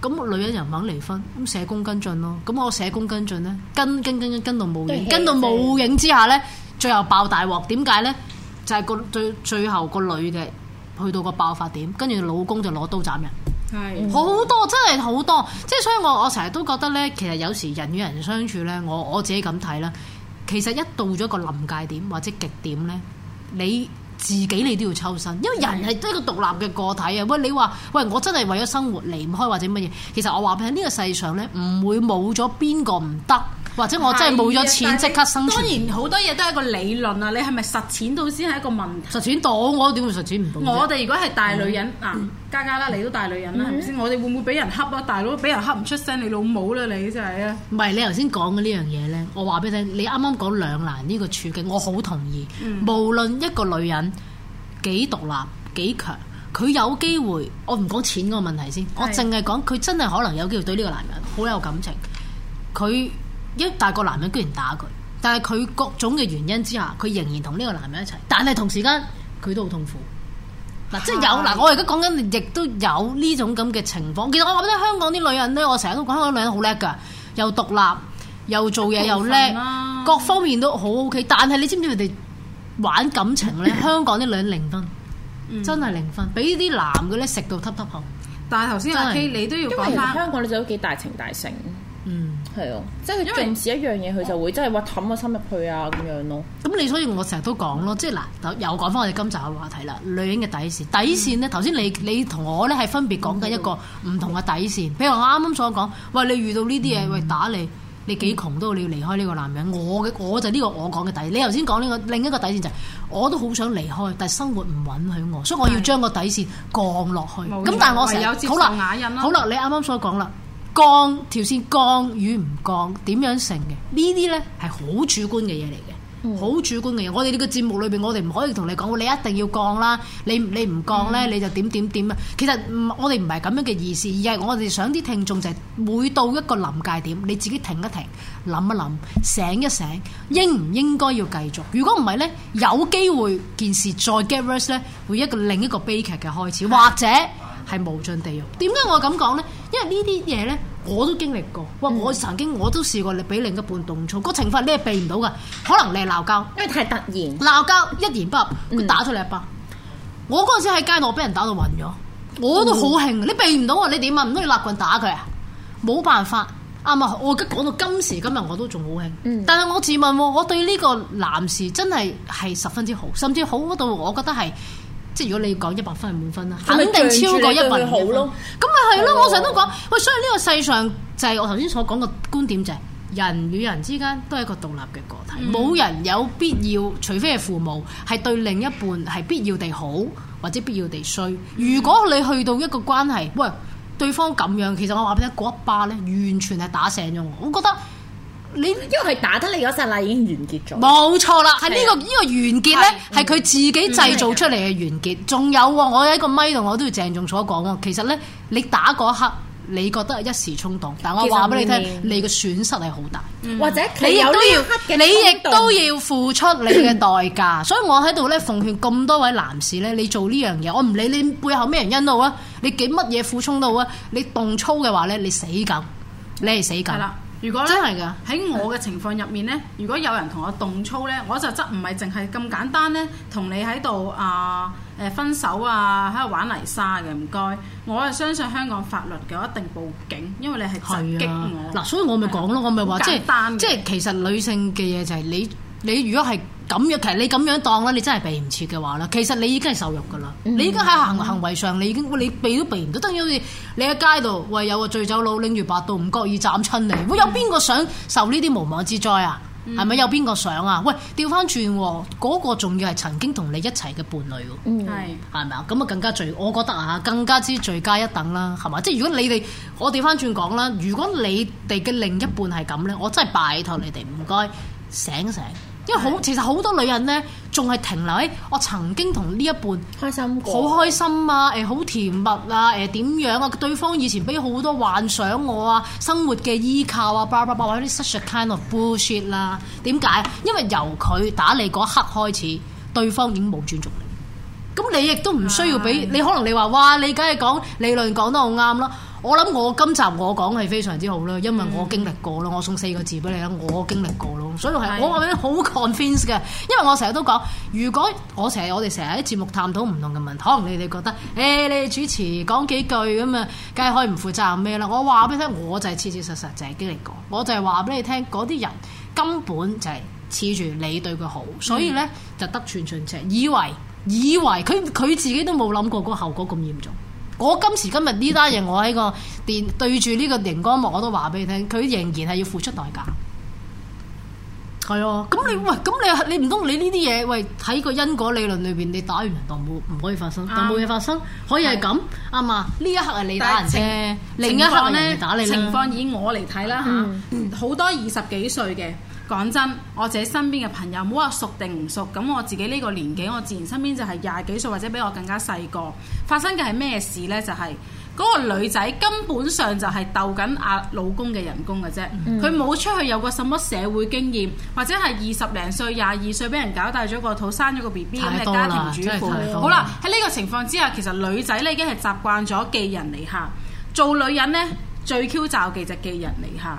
咁女人又唔肯離婚，咁社工跟進咯。咁我社工跟進咧，跟跟跟跟到冇影，跟到冇影不之下咧。最後爆大鑊，點解呢？就係個最最後個女嘅去到個爆發點，跟住老公就攞刀斬人。
好
多真係好多，即係所以我我成日都覺得呢，其實有時人與人相處呢，我我自己咁睇啦，其實一到咗個臨界點或者極點呢，你自己你都要抽身，因為人係一個獨立嘅個體啊。喂，你話喂，我真係為咗生活離唔開或者乜嘢？其實我話俾你聽，呢個世上呢，唔會冇咗邊個唔得。或者我真係冇咗錢，即刻生存。當然好多嘢都係一
個理論啊！你係咪實踐到先係一個問題？實踐到，我點會實踐唔到？我哋如果係大女人嗱，
葭葭啦，你都大女人啦，係咪先？嗎我哋會唔會俾人恰啊，大佬？俾人恰唔出聲，你老母啦，你真係啊！唔係你頭先講嘅呢樣嘢咧，我話俾你聽，你啱啱講兩難呢個處境，我好同意。嗯、無論一個女人幾獨立、幾強，佢有機會，我唔講錢個問題先，的我淨係講佢真係可能有機會對呢個男人好有感情，佢。一大個男人居然打佢，但係佢各種嘅原因之下，佢仍然同呢個男人一齊。但係同時間佢都好痛苦。嗱的，即係有嗱，我而家講緊亦都有呢種咁嘅情況。其實我覺得香港啲女人咧，我成日都講香港女人好叻㗎，又獨立又做嘢又叻，各方面都好 OK。但係你知唔知佢哋玩感情咧？ 香港啲女人零分， 真係零分，俾啲男嘅咧食到耷耷下。但係頭先有你都要講，香港女仔都幾大情大性。嗯，係啊，即係因為唔止一樣嘢，佢就會真係話氹我心入去啊，咁樣咯。咁你所以我成日都講咯，嗯、即係嗱又講翻我哋今集嘅話題啦，女人嘅底線，底線咧，頭先你你同我咧係分別講緊一個唔同嘅底線。譬如我啱啱所講，喂，你遇到呢啲嘢，喂，打你，你幾窮都你要離開呢個男人。我嘅我就呢個我講嘅底線。你頭先講呢個另一個底線就係、是，我都好想離開，但係生活唔允許我，所以我要將個底線降落去。咁沒錯 但係我成、啊、好啦，啞忍好啦，你啱啱所講啦。降條線降，與唔降，點樣成嘅？呢啲呢係好主觀嘅嘢嚟嘅，好、嗯、主觀嘅嘢。我哋呢個節目裏邊，我哋唔可以同你講，你一定要降啦。你你唔降呢，你就點點點啊！其實我哋唔係咁樣嘅意思，而係我哋想啲聽眾就係每到一個臨界點，你自己停一停，諗一諗，醒一醒，應唔應該要繼續？如果唔係呢，有機會件事再 get worse 咧，會一個另一個悲劇嘅開始，或者。係無盡地獄。點解我咁講呢？因為呢啲嘢呢，我都經歷過。哇！我曾經我都試過你俾另一半動粗，個懲罰你係避唔到㗎。可能你鬧交，因為太突然。鬧交一言不合，佢打咗你一巴。嗯、我嗰陣時喺街度，我俾人打到暈咗，我都好興。你避唔到啊？你點啊？唔通要立棍打佢啊？冇辦法。啱啊！我而家講到今時今日我，我都仲好興。但係我自問我，我對呢個男士真係係十分之好，甚至好到我覺得係。即係如果你講一百分係滿分啦，肯定超過一百分。咁咪係咯，我成日都講，喂，所以呢個世上就係我頭先所講個觀點就係，人與人之間都係一個獨立嘅個體，冇人有必要，除非係父母係對另一半係必要地好或者必要地衰。如果你去到一個關係，喂，對方咁樣，其實我話俾你聽，嗰一巴咧完全係打醒咗我，我覺得。你呢個係打得你嗰剎那啦，已經完結咗。冇錯啦，係呢、這個呢個完結咧，係佢自己製造出嚟嘅完結。仲、嗯嗯嗯嗯、有喎、哦，我喺個咪度，我都要鄭重所講，其實咧，你打嗰刻，你覺得一時衝動，但我話俾你聽，嗯、你嘅損失係好大，或者你亦都要，你亦都要付出你嘅代價。所以我喺度咧，奉勸咁多位男士咧， 你做呢樣嘢，我唔理你背後咩人因到啊，你幾乜嘢苦衷都好啊，你動粗嘅話咧，你死梗，你係死梗。 如果真係㗎，
喺我嘅情況入面呢，是 如果有人同我動粗呢，我就則唔係淨係咁簡單呢。同你喺度啊誒分手啊，喺度玩泥沙嘅，唔該，我係相信香港法律嘅，我一定報警，因為你係襲擊我。
嗱、啊，所以我咪講咯，啊、我咪話即係即係其實女性嘅嘢就係你。你如果係咁樣，其實你咁樣當啦，你真係避唔切嘅話啦。其實你已經係受辱噶啦，嗯、你已經喺行行為上，你已經你避都避唔到。等於好似你喺街度喂，有個醉酒佬拎住白刀唔覺意斬親你，會、嗯、有邊個想受呢啲無妄之災啊？係咪、嗯、有邊個想啊？喂，調翻轉嗰個仲要係曾經同你一齊嘅伴侶，係係咪啊？咁啊是更加罪，我覺得啊更加之罪加一等啦，係嘛？即係如果你哋我調翻轉講啦，如果你哋嘅另一半係咁咧，我真係拜託你哋唔該醒醒。因為好，其實好多女人呢，仲係停留喺我曾經同呢一半，開心，好開心啊！誒、欸，好甜蜜啊！誒、欸，點樣啊？對方以前俾好多幻想我啊，生活嘅依靠啊，巴拉巴拉，或者啲 such a kind of bullshit 啦、啊。點解？因為由佢打你嗰刻開始，對方已經冇尊重你，咁你亦都唔需要俾你。你可能你話哇，你梗係講理論講得好啱啦。我諗我今集我講係非常之好啦，因為我經歷過咯，嗯、我送四個字俾你啦，我經歷過咯，所以係我係好 confident 嘅，因為我成日都講，如果我成日我哋成日喺節目探討唔同嘅問題，可能你哋覺得，誒、欸、你哋主持講幾句咁啊，梗係可以唔負責咩啦，我話俾你聽，我就係切切實實就係經歷過，我就係話俾你聽，嗰啲人根本就係恃住你對佢好，所以咧就得寸進尺，以為以為佢佢自己都冇諗過個後果咁嚴重。我今時今日呢單嘢，我喺個電對住呢個熒光幕，我都話俾你聽，佢仍然係要付出代價。係啊，咁你喂，咁你你唔通你呢啲嘢？喂，睇個因果理論裏邊，你打完人當冇，唔可以發生，當冇嘢發生可以係咁啱啊，呢一刻係你打人啫，另一刻咧打你情況以我嚟睇啦嚇，
好、嗯嗯、多二十幾歲嘅。講真，我自己身邊嘅朋友冇話熟定唔熟，咁我自己呢個年紀，我自然身邊就係廿幾歲或者比我更加細個。發生嘅係咩事呢？就係、是、嗰個女仔根本上就係鬥緊阿老公嘅人工嘅啫，佢冇、嗯、出去有過什麼社會經驗，或者係二十零歲、廿二歲俾人搞大咗個肚，生咗個 B B 嘅家庭主婦。好啦，喺呢個情況之下，其實女仔呢已經係習慣咗寄人籬下，做女人呢，最 Q 罩忌就寄人籬下。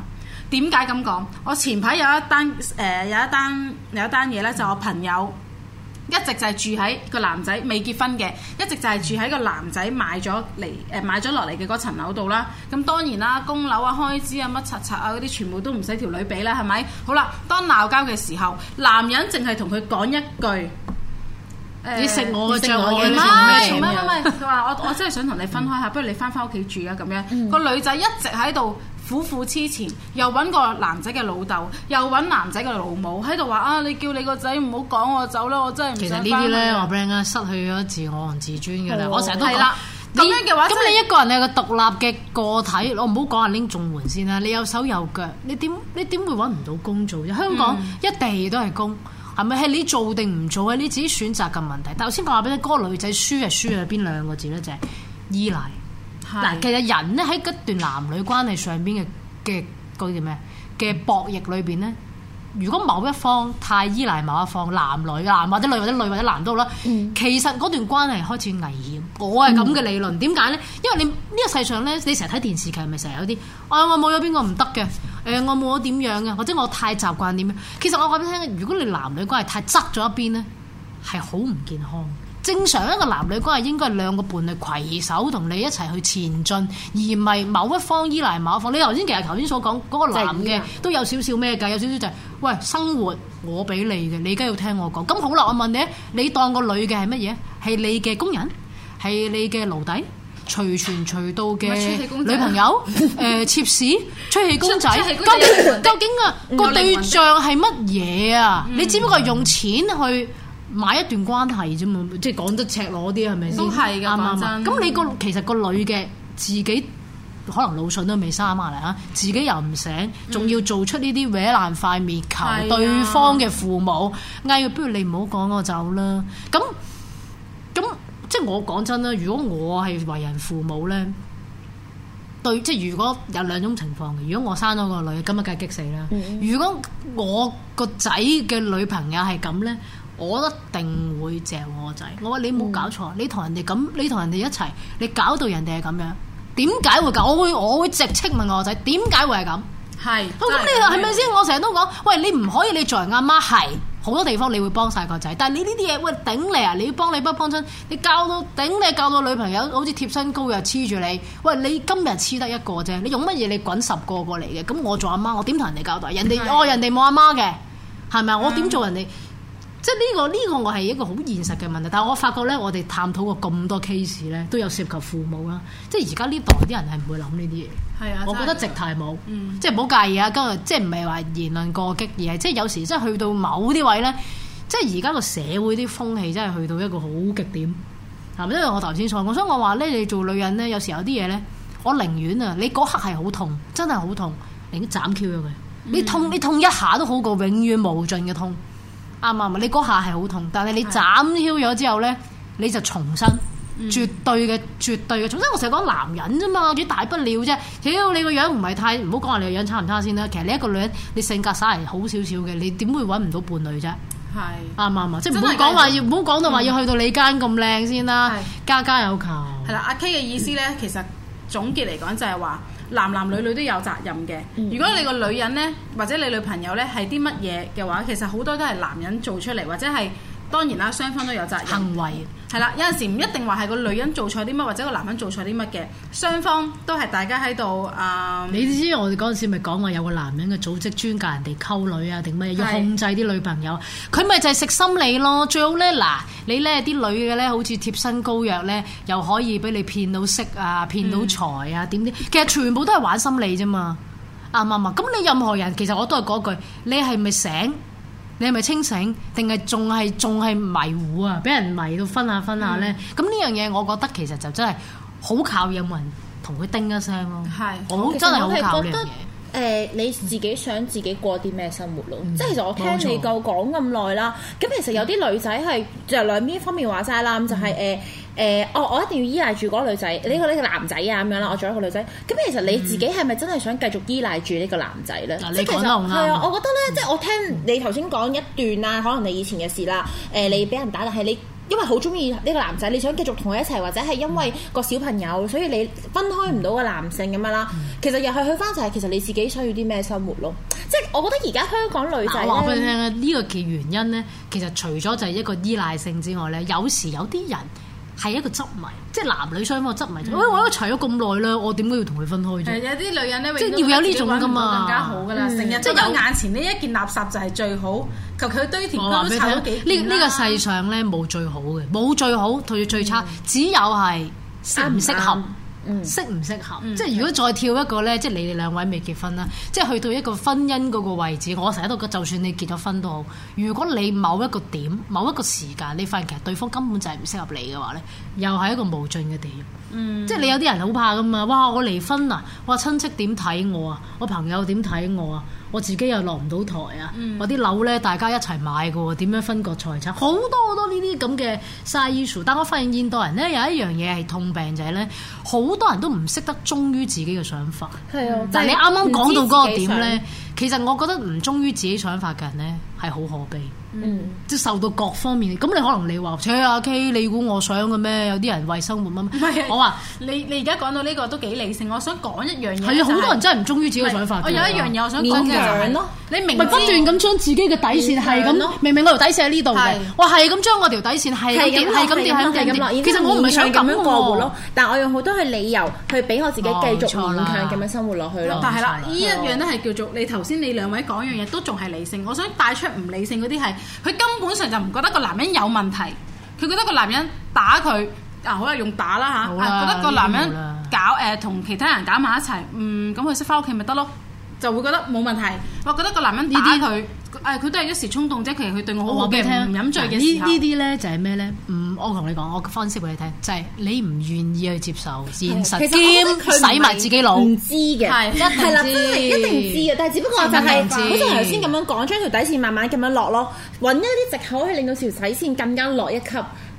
點解咁講？我前排有一單誒，有一單有一單嘢咧，就我朋友一直就係住喺個男仔未結婚嘅，一直就係住喺個男仔買咗嚟誒買咗落嚟嘅嗰層樓度啦。咁當然啦，供樓啊、開支啊、乜柒柒啊嗰啲，全部都唔使條女俾啦，係咪？好啦，當鬧交嘅時候，男人淨係同佢講一句：你食我嘅着我嘅咩？唔係唔係唔係，佢話我我真係想同你分開下，不如你翻返屋企住啊咁樣。個女仔一直喺度。苦苦黐纏，又揾個男仔嘅老豆，又揾男仔嘅老母喺度話啊，你叫你個仔唔好趕我走
啦，我真係唔想翻啦。其實呢啲咧，我講緊失去咗自我同自尊㗎好啦。我成日都講咁樣嘅話，咁你一個人係個獨立嘅個體，嗯嗯、我唔好講啊拎綜援先啦。你有手有腳，你點你點會揾唔到工做啫？香港、嗯、一地都係工，係咪係你做定唔做啊？你自己選擇嘅問題。但我先講下俾你，嗰、嗰個女仔輸係輸喺邊、嗰個、兩個字咧，就係依賴。嗱，其實人咧喺一段男女關係上邊嘅嘅啲叫咩？嘅博弈裏邊咧，如果某一方太依賴某一方，男女男或者女或者女或者男都好啦，其實嗰段關係開始危險。我係咁嘅理論，點解咧？因為你呢、呢個世上咧，你成日睇電視劇，咪成日有啲、哎，我有有、哎、我冇咗邊個唔得嘅，誒我冇咗點樣嘅，或者我太習慣點樣，其實我講俾你聽，如果你男女關係太側咗一邊咧，係好唔健康。正常一個男女關係應該係兩個伴侶攜手同你一齊去前進，而唔係某一方依賴某一方。你頭先其實頭先所講嗰個男嘅都有少少咩嘅，有少少就係喂，生活我俾你嘅，你梗係要聽我講。咁好啦，我問你，你當個女嘅係乜嘢？係你嘅工人？係你嘅奴隸？隨傳隨到嘅女朋友？誒，妾侍？吹氣公仔？究竟究竟啊個對象係乜嘢啊？你只不過係用錢去。買一段關係啫嘛，即係講得赤裸啲係咪先？都係㗎，咁吧你個其實個女嘅自己可能腦筍都未生埋嚟啊！自己又唔醒，仲、嗯、要做出呢啲搲爛塊面，求、啊、對方嘅父母嗌佢，不如你唔好講，我走啦。咁咁即係我講真啦，如果我係為人父母咧，對即係如果有兩種情況嘅，如果我生咗個女，今日梗係激死啦。嗯、如果我個仔嘅女朋友係咁咧。我一定會謝我仔。我話你冇搞錯，你同人哋咁，你同人哋一齊，你搞到人哋係咁樣，點解會搞？我會我會直程問我仔點解會係咁？係。咁你係咪先？我成日都講，喂，你唔可以你做人阿媽係好多地方，你會幫晒個仔。但係你呢啲嘢，喂，頂你啊！你要幫，你，你要幫你不幫親？你教到頂你教到女朋友好似貼身高又黐住你。喂，你今日黐得一個啫，你用乜嘢你滾十個過嚟嘅？咁我做阿媽，媽，我點同人哋交代？人哋的哦，人哋冇阿媽嘅，係咪我點做人哋？嗯即係呢個呢個我係一個好現實嘅問題，但我發覺咧，我哋探討過咁多 case 咧，都有涉及父母啦。即係而家呢代啲人係唔會諗呢啲嘢。係啊，我覺得直頭冇，嗯、即係唔好介意啊。今日即係唔係話言論過激，而係即係有時真係去到某啲位咧，即係而家個社會啲風氣真係去到一個好極點，係因為我頭先所講，我想我話咧，你做女人咧，有時有啲嘢咧，我寧願啊，你嗰刻係好痛，真係好痛，連斬 Q 咗佢。嗯、你痛你痛一下都好過永遠無盡嘅痛。啱啊嘛，你嗰下係好痛，但係你斬囂咗之後咧，你就重生，絕對嘅、嗯，絕對嘅。重生我成日講男人啫嘛，幾大不了啫。屌你個樣唔係太，唔好講話你個樣差唔差先啦。其實你一個女人，你性格耍嚟好少少嘅，你點會揾唔到伴侶啫？係啱啊嘛，吧即係唔好講話要，唔好講到話要去到你間咁靚先啦，啊，是家家有求。係啦，阿 K 嘅意
思咧，其實、嗯、總結嚟講就係話。男男女女都有責任嘅。嗯、如果你個女人呢，或者你女朋友呢，係啲乜嘢嘅話，其實好多都係男人做出嚟，或者係。當然啦，雙方都有責任。行為係啦，有陣時唔一定話係個女人做錯啲乜，或者個男人做錯啲
乜嘅。雙方都係大家喺度啊！呃、你知我哋嗰陣時咪講話有個男人嘅組織專教人哋溝女啊，定乜嘢要控制啲女朋友，佢咪是就係食心理咯。最好咧，嗱，你咧啲女嘅咧，好似貼身膏藥咧，又可以俾你騙到色啊，騙到財啊，點點、嗯，其實全部都係玩心理啫嘛。啊嘛嘛，咁你任何人其實我都係嗰句，你係咪醒？你係咪清醒？定係仲係仲係迷糊啊？俾人迷到分下分下咧？咁呢、嗯、樣嘢我覺得其實就真係好靠有冇人同佢叮一聲咯。係、嗯，我真係好覺得。誒、呃，你自
己想自己過啲咩生活咯？嗯、即係其實我聽你夠講咁耐啦。咁、嗯、其實有啲女仔係就兩邊方面話曬啦，嗯、就係、是、誒。呃誒，我、哦、我一定要依賴住嗰個女仔，呢個呢個男仔啊咁樣啦。我做一個女仔，咁其實你自己係咪真係想繼續依賴住呢個男仔咧？嗱、啊，呢其實係啊，我覺得咧，嗯、即係我聽你頭先講一段啦，可能你以前嘅事啦。誒，嗯、你俾人打，但係你因為好中意呢個男仔，你想繼續同佢一齊，或者係因為個小朋友，所以你分開唔到個男性咁樣啦。嗯、其實又係去翻就係、是、其實你自己需要啲咩生活咯。
嗯、即係我覺得而家香港女仔、啊，我話俾你聽咧，呢個嘅原因咧，其實除咗就係一個依賴性之外咧，有時有啲人。係一個執迷，即係男女雙方執迷。我我都齊咗咁耐啦，我點解要同佢分開？係有啲女人咧，即係要有呢種噶嘛，更加好噶啦，成日即係有眼前呢一件垃圾就係最好，求其、嗯嗯、堆填區都湊到幾件啦。呢呢個世上咧冇最好嘅，冇最好同最差，嗯、只有係適唔適合，合，合。合適唔適合？嗯、即係如果再跳一個呢，嗯、即係你哋兩位未結婚啦，嗯、即係去到一個婚姻嗰個位置，我成日都覺就算你結咗婚都好，如果你某一個點、某一個時間，你發現其實對方根本就係唔適合你嘅話呢，又係一個無盡嘅地獄。嗯，即係你有啲人好怕噶嘛？哇！我離婚啊！哇！親戚點睇我啊？我朋友點睇我啊？我自己又落唔到台啊。嗯、我啲樓咧，大家一齊買嘅喎，點樣分割財產？好多好多呢啲咁嘅 issue 但我發現現代人咧，有一樣嘢係痛病就係咧，好多人都唔識得忠於自己嘅想法。係啊、嗯，但係你啱啱講到嗰個點咧，其實我覺得唔忠於自己想法嘅人咧。係好可悲，嗯，即係受到各方面咁，你可能你話扯阿 K，你估我想嘅咩？有啲人為生活乜乜，我話你
你而家講到呢個都幾理性，我想講一樣嘢。係啊，好多人真
係唔忠於自己嘅想法。我有一樣嘢我想講嘅係
勉強咯，你明？不斷咁
將自己嘅底線係咁咯，明明我條底線喺呢度，我係咁將我條底線係係咁，其實我唔係想咁樣過活咯，但我用好多嘅
理由去俾我自己繼續勉強咁樣生活落去咯。但係啦，呢一樣都
係叫做你頭
先你兩位講樣嘢都仲係理性，我想帶出。唔理性嗰啲係，佢根本上就唔覺得個男人有問題，佢覺得個男人打佢，啊好有用打啦吓，了啊、覺得個男人搞誒同、呃、其他人搞埋一齊，嗯咁佢識翻屋企咪得咯。就會覺得冇問題，我覺得個男人打佢，誒佢些、哎、都係一時衝動啫。其實佢對我好好嘅，唔飲、哦、醉嘅時候。呢啲
呢就係咩呢？唔、嗯，我同你講，我分析俾你聽，就係、是、你唔願意去接受現實，兼使埋自己腦。唔知嘅，係係啦，真係一定知嘅，
但係只不過就係、是、好似頭先咁樣講，將條底線慢慢咁樣落咯，揾一啲藉口去令到條底線更加落一級，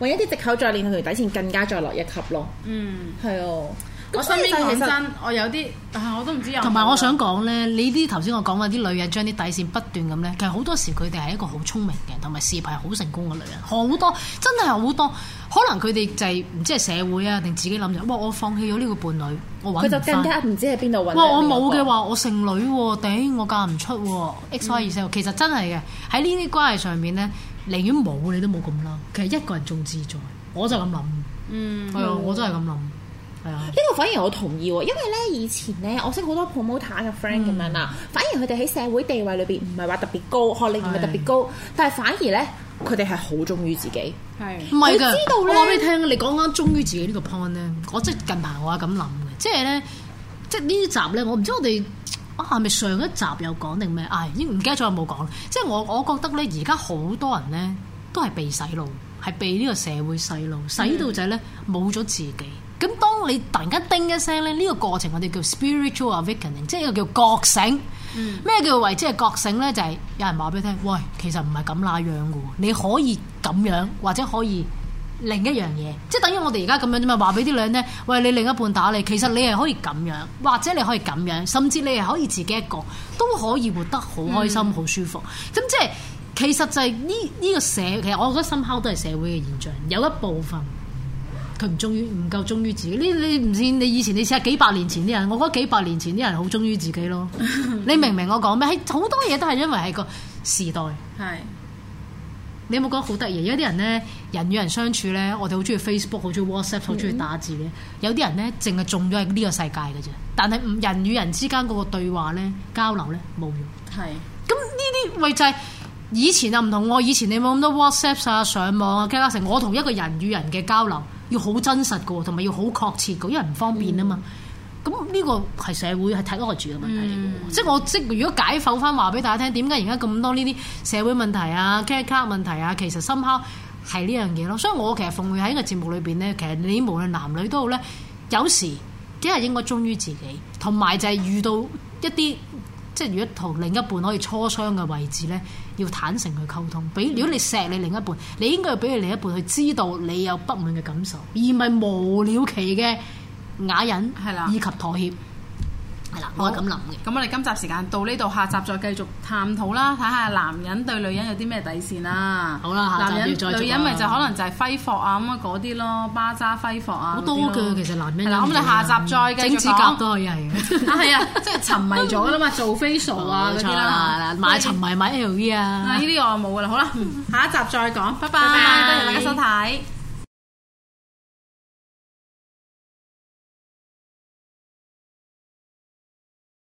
揾一啲藉口再令到條底線更加再落一級咯。嗯，
係哦。我身邊講真，我有啲，但係我都唔知有。同埋我想
講咧，你啲頭先我講嗰啲女人將啲底線不斷咁咧，其實好多時佢哋係一個好聰明嘅同埋事業係好成功嘅女人，好多真係好多，可能佢哋就係、是、唔知係社會啊定自己諗住，哇！我放棄咗呢個伴侶，我揾唔翻。佢就更加唔知喺邊度揾。哇！我冇嘅話，我剩女喎、啊，頂我嫁唔出喎、啊。X Y Z，、嗯、其實真係嘅。喺呢啲關係上面咧，寧願冇你都冇咁嬲。其實一個人仲自在，我就咁諗。嗯。係啊，我都係咁諗。嗯嗯。
呢個反而我同意喎，因為咧以前咧，我識好多 promoter 嘅 friend 咁樣啦，反而佢哋喺社會地位裏邊唔係話特別高，學歷唔係特別高，是但係反而咧，佢哋係好忠於
自己，係唔係㗎？我知道咧，我講俾你聽，你講緊忠於自己呢個 point 咧、嗯就是就是，我即係近排我係咁諗嘅，即係咧，即係呢集咧，我唔知我哋啊係咪上一集有講定咩？已經唔記得咗有冇講？即、就、係、是、我我覺得咧，而家好多人咧都係被洗腦，係被呢個社會洗腦，洗到就係咧冇咗自己。咁當你突然間叮一聲咧，呢、這個過程我哋叫 spiritual awakening，即係一個叫覺醒。咩、嗯、叫為即係覺醒咧？就係、是、有人話俾你聽，喂，其實唔係咁那樣嘅喎，你可以咁樣，或者可以另一樣嘢，即係等於我哋而家咁樣啫嘛。話俾啲女人咧，喂，你另一半打你，其實你係可以咁樣，或者你可以咁樣，甚至你係可以自己一個都可以活得好開心、好、嗯、舒服。咁即係其實就係呢呢個社，其實我覺得深溝都係社會嘅現象，有一部分。佢唔忠於唔夠忠於自己，呢你唔似你，你以前你試下幾百年前啲人，我覺得幾百年前啲人好忠於自己咯。 你明唔明我講咩？好多嘢都係因為係個時代。係是你有冇覺得好得意？有啲人呢，人與人相處呢，我哋好中意 Facebook，好中意 WhatsApp，好中意打字嘅。嗯、有啲人呢，淨係中咗呢個世界嘅啫。但係人與人之間嗰個對話咧、交流呢，冇用。係咁呢啲，咪就係、是、以前啊，唔同我以前你冇咁多 WhatsApp 啊、上網啊、加加成，我同一個人與人嘅交流。要好真實嘅同埋要好確切嘅，因為唔方便啊嘛。咁呢、嗯、個係社會係睇耐住嘅問題嚟嘅喎，嗯、即係我即如果解剖翻話俾大家聽，點解而家咁多呢啲社會問題啊、credit card 問題啊，其實深刻係呢樣嘢咯。所以我其實奉勸喺個節目裏邊咧，其實你無論男女都好咧，有時真係應該忠於自己，同埋就係遇到一啲即係如果同另一半可以磋商嘅位置咧。要坦誠去溝通，俾如果你錫你另一半，嗯、你應該要俾你另一半去知道你有不滿嘅感受，而唔係無了期嘅啞忍，的以及妥協。係啦，我係咁諗
嘅。咁、嗯、我哋今集時間到呢度，下集再繼續探討啦，睇下男人對女人有啲咩底線啦、啊。好啦、嗯，嗯啊、男人女人咪就可能就係揮霍啊咁啊嗰啲咯，巴渣揮霍啊。好多㗎其實男人。係啊，咁我哋下集再繼續講。整指甲都
可以係。 啊，啊，係啊，即
係沉迷咗啦嘛，做
facial 啊嗰啲啦，買沉迷買 LV 啊。呢啲我冇噶啦，好啦，下一集再講，拜拜，拜拜多謝大家收睇。